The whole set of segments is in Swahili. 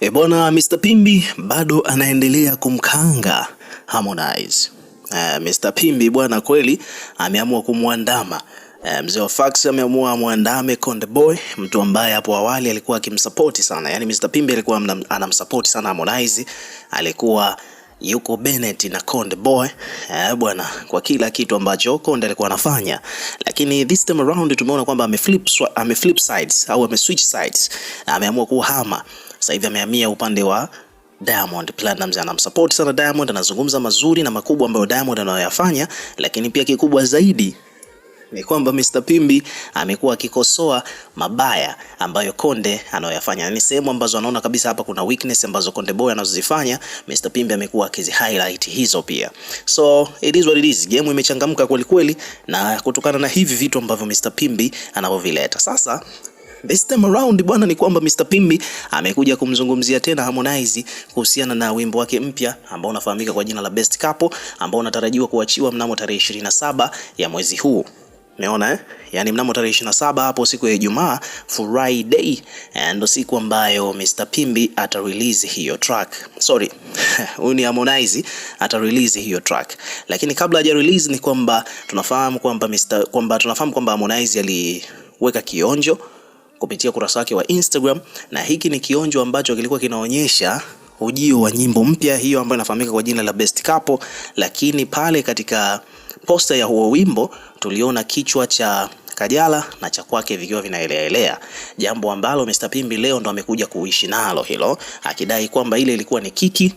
E bwana, Mr Pimbi bado anaendelea kumkanga Harmonize. Uh, eh, Mr Pimbi bwana kweli ameamua kumwandama uh, mzee wa Fax ameamua amwandame Konde Boy, mtu ambaye hapo awali alikuwa akimsupport sana. Yaani Mr Pimbi alikuwa anamsupport sana Harmonize, alikuwa yuko Bennett na Konde Boy eh, bwana kwa kila kitu ambacho Konde alikuwa anafanya, lakini this time around tumeona kwamba ameflip, ameflip sides au ameswitch sides, ameamua kuhama sasa hivi amehamia upande wa Diamond Platnumz anamsupport sana Diamond, anazungumza mazuri na makubwa ambayo Diamond anayoyafanya, lakini pia kikubwa zaidi ni kwamba Mr Pimbi amekuwa akikosoa mabaya ambayo Konde anayoyafanya. Ni sehemu ambazo anaona kabisa hapa kuna weakness ambazo Konde Boy anazozifanya, Mr Pimbi amekuwa akizi highlight hizo pia. So it is what it is, game imechangamka kweli kweli, na kutokana na hivi vitu ambavyo Mr Pimbi anavyovileta sasa This time around bwana, ni kwamba Mr Pimbi amekuja kumzungumzia tena Harmonize kuhusiana na wimbo wake mpya ambao unafahamika kwa jina la Best Couple ambao unatarajiwa kuachiwa mnamo tarehe 27 ya mwezi huu. Umeona eh? Yaani mnamo tarehe 27 hapo siku ya Ijumaa Friday eh, ndio siku ambayo Mr Pimbi ata release hiyo track. Sorry. Huyu ni Harmonize ata release hiyo track. Lakini kabla haja release ni kwamba tunafahamu kwamba Mr kwamba tunafahamu kwamba Harmonize aliweka kionjo kupitia kurasa wake wa Instagram, na hiki ni kionjo ambacho kilikuwa kinaonyesha ujio wa nyimbo mpya hiyo ambayo inafahamika kwa jina la Best Couple, lakini pale katika posta ya huo wimbo tuliona kichwa cha Kajala na cha kwake vikiwa vinaeleaelea, jambo ambalo Mr Pimbi leo ndo amekuja kuishi nalo hilo, akidai kwamba ile ilikuwa ni kiki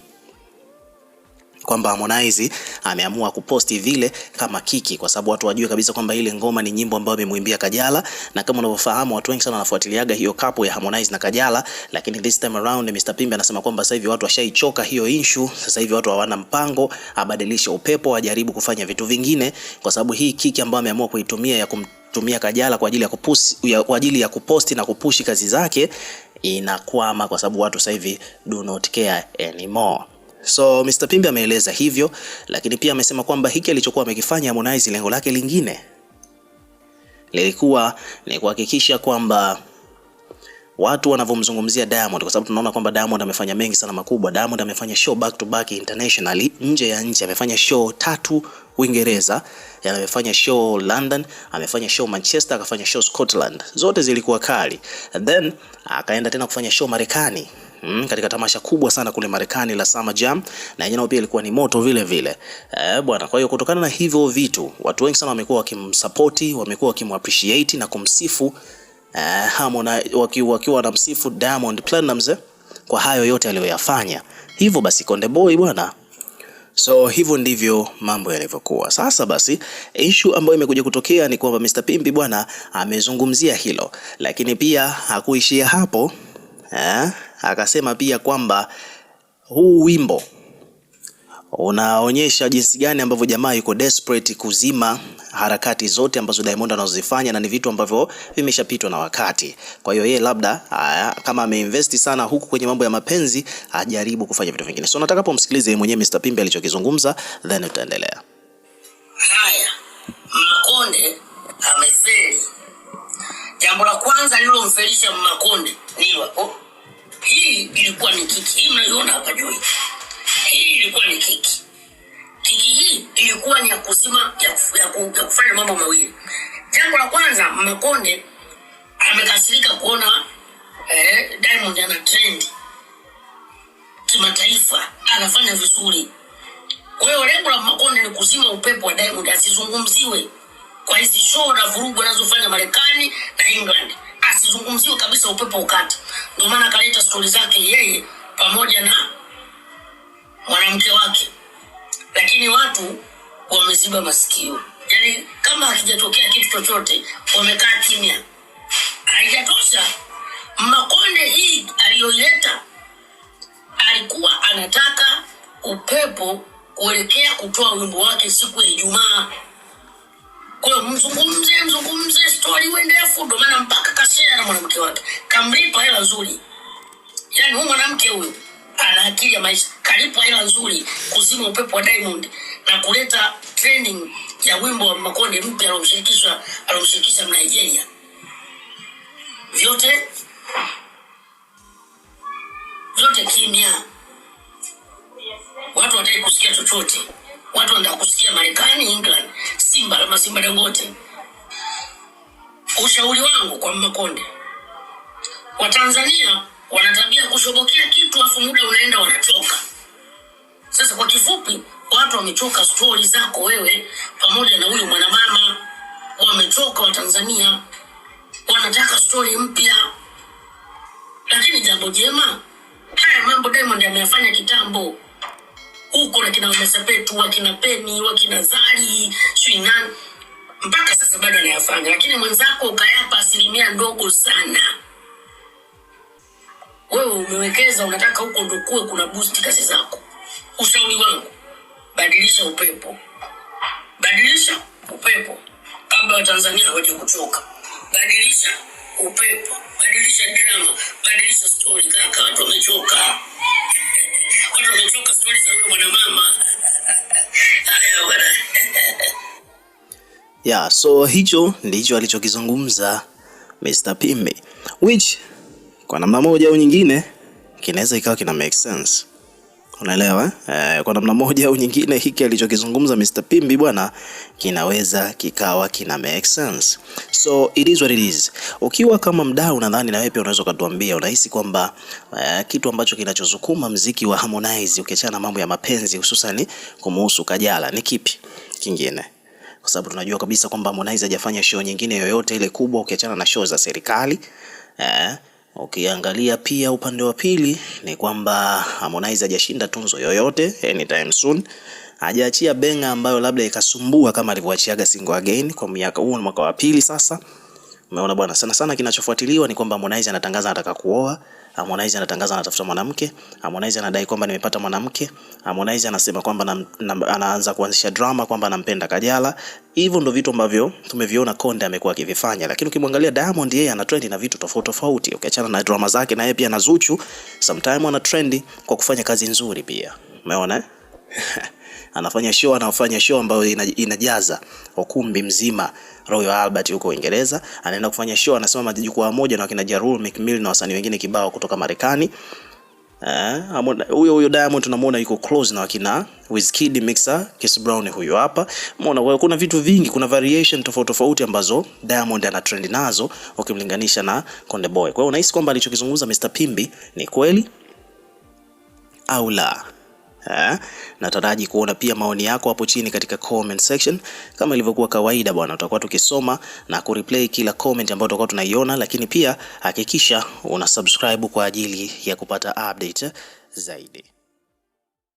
kwamba Harmonize ameamua kuposti vile kama kiki, kwa sababu watu wajue kabisa kwamba ile ngoma ni nyimbo ambayo amemwimbia Kajala, na kama unavyofahamu watu wengi sana wanafuatiliaga hiyo kapo ya Harmonize na Kajala, lakini this time around Mr Pimbe anasema kwamba sasa hivi watu washaichoka hiyo issue. Sasa hivi watu hawana mpango, abadilishe upepo, ajaribu kufanya vitu vingine, kwa sababu hii kiki ambayo ameamua kuitumia ya kumtumia Kajala kwa ajili ya kupusi, ya, kwa ajili ya kuposti na kupushi kazi zake inakwama, kwa sababu watu sasa hivi do not care anymore. So Mr. Pimbi ameeleza hivyo, lakini pia amesema kwamba hiki alichokuwa amekifanya Harmonize, lengo lake lingine lilikuwa ni kuhakikisha kwamba watu wanavyomzungumzia Diamond, kwa sababu tunaona kwamba Diamond amefanya mengi sana makubwa. Diamond amefanya show back to back internationally, nje ya nchi, amefanya show tatu Uingereza, yaani amefanya show London, amefanya show Manchester, akafanya show Scotland, zote zilikuwa kali, And then akaenda tena kufanya show Marekani mm, katika tamasha kubwa sana kule Marekani la Summer Jam, na yenyewe pia ilikuwa ni moto vile vile eh, bwana. Kwa hiyo kutokana na hivyo vitu, watu wengi sana wamekuwa wakimsupport, wamekuwa wakimappreciate na kumsifu eh, Harmonize, wakiwa waki wanamsifu Diamond Platnumz kwa hayo yote aliyoyafanya. Hivyo basi Konde Boy bwana So hivyo ndivyo mambo yalivyokuwa. Sasa basi, issue ambayo imekuja kutokea ni kwamba Mr Pimbi bwana amezungumzia hilo, lakini pia hakuishia hapo eh? Akasema pia kwamba huu wimbo unaonyesha jinsi gani ambavyo jamaa yuko desperate kuzima harakati zote ambazo Diamond anazozifanya na ni vitu ambavyo vimeshapitwa na wakati. Kwa hiyo yeye labda aya, kama ameinvest sana huku kwenye mambo ya mapenzi ajaribu kufanya vitu vingine. So nataka pomsikilize mwenyewe Mr Pimbe alichokizungumza, then utaendelea. Haya, Mmakonde amefeli. Jambo la kwanza alilomfelisha Mmakonde ni hii ilikuwa ni kiki, hii mnaiona hapa juu, hii ilikuwa ni kiki. Kiki hii ilikuwa ni ya kuzima, ya, ya kufanya mambo mawili. Jambo la kwanza, Makonde amekasirika kuona eh, Diamond ana trend kimataifa, anafanya vizuri. Kwa hiyo lengo la Makonde ni kuzima upepo wa Diamond asizungumziwe kwa hizi show na vurugu anazofanya Marekani na England, asizungumziwe kabisa, upepo ukate. Ndio maana akaleta stori zake yeye pamoja na mwanamke wake, lakini watu wameziba masikio, yani kama hakijatokea kitu chochote wamekaa kimya. Haijatosha, Makonde hii aliyoileta alikuwa anataka upepo kuelekea kutoa wimbo wake siku ya Ijumaa. Kwa hiyo mzungumze, mzungumze, Ndo maana mpaka kashare na mwanamke wake, kamlipa hela nzuri. Yaani huyu mwanamke huyu ana akili ya maisha, hela nzuri kuzima upepo wa Diamond na kuleta ya wimbo wa Makonde mpya Mnigeria vyote vyote kimya, watu wataki kusikia chochote, watu wanataka kusikia Marekani, England Simba Dangote. Ushauri wangu kwa Mmakonde, Watanzania wanatabia kushobokea kitu afu muda unaenda wanachoka. Sasa kwa kifupi, watu wamechoka stori zako wewe pamoja na huyu mwanamama, wamechoka Watanzania, wanataka stori mpya. Lakini jambo jema, haya mambo Diamond ameyafanya kitambo wakina umesepetu wakina peni wakina zari swinan mpaka sasa bado anayafanya lakini mwenzako ukayapa asilimia ndogo sana wewe umewekeza unataka huko ndokue kuna busti kazi zako ushauri wangu badilisha upepo badilisha upepo kabla watanzania hawaja kuchoka badilisha upepo badilisha drama badilisha story kaka watu wamechoka watu wamechoka ya yeah, so hicho ndicho alichokizungumza Mr. Pimbe which kwa namna moja au nyingine kinaweza ikawa kina make sense. Unaelewa eh? Kwa namna moja au nyingine hiki alichokizungumza Mr Pimbi bwana kinaweza kikawa kina make sense. So it is what it is. Ukiwa kama mdau, nadhani na wewe pia unaweza kutuambia unahisi kwamba eh, kitu ambacho kinachosukuma mziki wa Harmonize ukiachana na mambo ya mapenzi hususan kumuhusu Kajala ni kipi kingine? Kwa sababu tunajua kabisa kwamba Harmonize hajafanya show nyingine yoyote ile kubwa ukiachana na show za serikali eh, Ukiangalia pia upande wa pili ni kwamba Harmonize hajashinda tunzo yoyote anytime soon. Hajaachia benga ambayo labda ikasumbua kama alivyoachiaga single again kwa miaka huu mwaka wa pili sasa. Umeona bwana, sana sana kinachofuatiliwa ni kwamba Harmonize anatangaza anataka kuoa, Harmonize anatangaza anatafuta mwanamke, Harmonize anadai kwamba nimepata mwanamke, Harmonize anasema kwamba anaanza kuanzisha drama kwamba anampenda Kajala. Hivyo ndio vitu ambavyo tumeviona Konde amekuwa akivifanya, lakini ukimwangalia Diamond yeye ana trend na vitu tofauti tofauti, ukiachana okay, na drama zake, na yeye pia na Zuchu sometimes ana trend kwa kufanya kazi nzuri pia, umeona eh? anafanya show, anafanya show ambayo inajaza ukumbi mzima Royal Albert huko Uingereza. Anaenda kufanya show, anasema majukwaa moja na wakina Jarul Mcmill na wasanii wengine kibao kutoka Marekani. Eh, Huyo huyo Diamond tunamuona yuko close na wakina Wizkid mixer Chris Brown huyo hapa. Umeona kuna vitu vingi, kuna variation tofauti tofauti ambazo Diamond ana trend nazo ukimlinganisha na Konde Boy. Kwa hiyo unahisi kwamba alichokizungumza Mr Pimbi ni kweli au la? Ha? Eh? Nataraji kuona pia maoni yako hapo chini katika comment section. Kama ilivyokuwa kawaida bwana, utakuwa tukisoma na kureplay kila comment ambayo utakuwa tunaiona, lakini pia hakikisha una subscribe kwa ajili ya kupata update zaidi.